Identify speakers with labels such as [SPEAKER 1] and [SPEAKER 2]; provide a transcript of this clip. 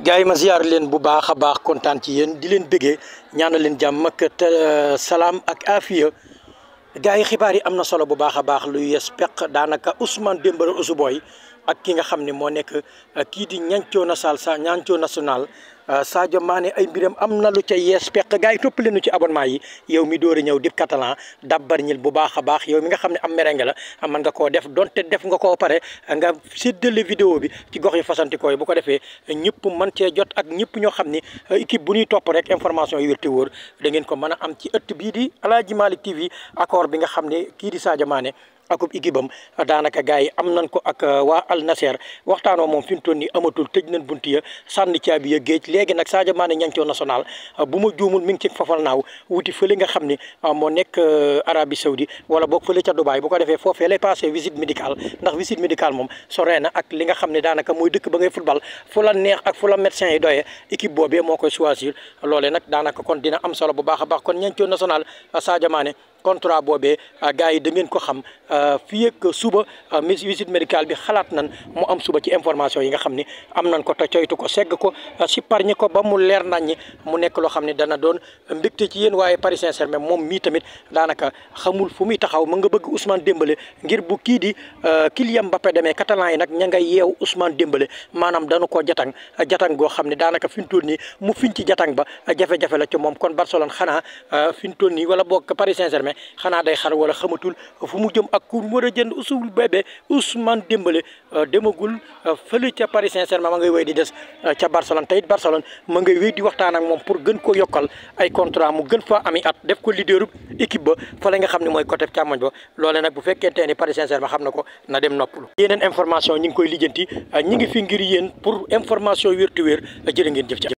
[SPEAKER 1] gars yi ma ziar leen bu baax a baax kontaan ci yéen di leen bëggee ñaana leen jàmm ak euh, salaam ak afiya gars yi xibaar yi am na solo bu baax a baax lu yes peq daanaka Ousmane Dembélé Ousou Boy ak ki nga xam ni moo nekk kii di ñancoo nasal sa ñancoo national Euh, Sadio maane ay mbiram am na lu ca yees peq gars yi toppale nu ci abonnement yi yow mi door a ñëw di catalan dabbar ñil bu baax a baax yow mi nga xam ne am merengue la man nga koo def donte def nga koo pare nga séddale vidéo bi ci gox yu fasantikoo yi bu ko defee ñëpp man cee jot ak ñëpp ñoo xam ni euh, équipe bu ñuy topp rek information yu wér te da ngeen ko mën a am ci ëtt bii di Aladji Malick TV accord bi nga xam ne kii di Sadio maane akub équipe daanaka gars yi am nañ ko ak euh, waa Al Nassr waxtaanoo moom fi mu toll nii amatul tëj nañ bunt ya sànni caabi ya géej léegi nag Sadio Mané ñancoo national euh, bu ma juumul mi ngi ci fafal naaw wuti fële nga xam ne euh, moo nekk Arabie Saoudi wala boog fële ca Dubaï bu ko defee foofee lay passé visite médicale ndax visite médicale moom soree na ak li nga xam ne daanaka mooy dëkk ba ngay football fu la neex ak fu la médecin yi doyee équipe boobee moo koy choisir loolee nag daanaka kon dina am solo bu baax baax kon ñancoo national Sadio Mané contrat boobee euh, gars yi da ngeen ko xam euh, fii ak suba euh, visite médicale bi xalaat nan mu am suba ci information yi nga xam ni am nañ ko ta coytu ko segg ko si parñe ko ba mu leer nañ mu nekk loo xam ne dana doon mbégte ci yéen waaye Paris Saint-Germain moom mii tamit daanaka xamul fu muy taxaw mu nga bëgg Ousmane Dembélé ngir bu kii di Kylian Mbappé demee Catalan yi nag ña nga yeew Ousmane Dembélé maanaam danu ko jatang jatang goo xam ne daanaka fi mu toll nii mu fiñ ci jatang ba jafe la ci moom kon Barcelone xanaa fi mu toll nii wala boog Paris saint ne xanaa day xar wala xamatul fu mu jëm ak ku war a jënd usul bébé Ousmane Dembélé euh, demagul euh, fële ca Paris Saint-Germain ma ngay wéy di des euh, ca Barcelone tey it Barcelone ma ngay wéy di waxtaan ak moom pour gën koo yokkal ay contrat mu gën fa ami at def ko leaderu équipe ba fa la nga xam ne mooy côté càmmoñ ba loole nag bu fekkente ni Paris Saint-Germain xam na ko na dem noppalu yeneen information ñi koy lijjanti ñi ngi fi ngir yéen pour information wér tu wér jërë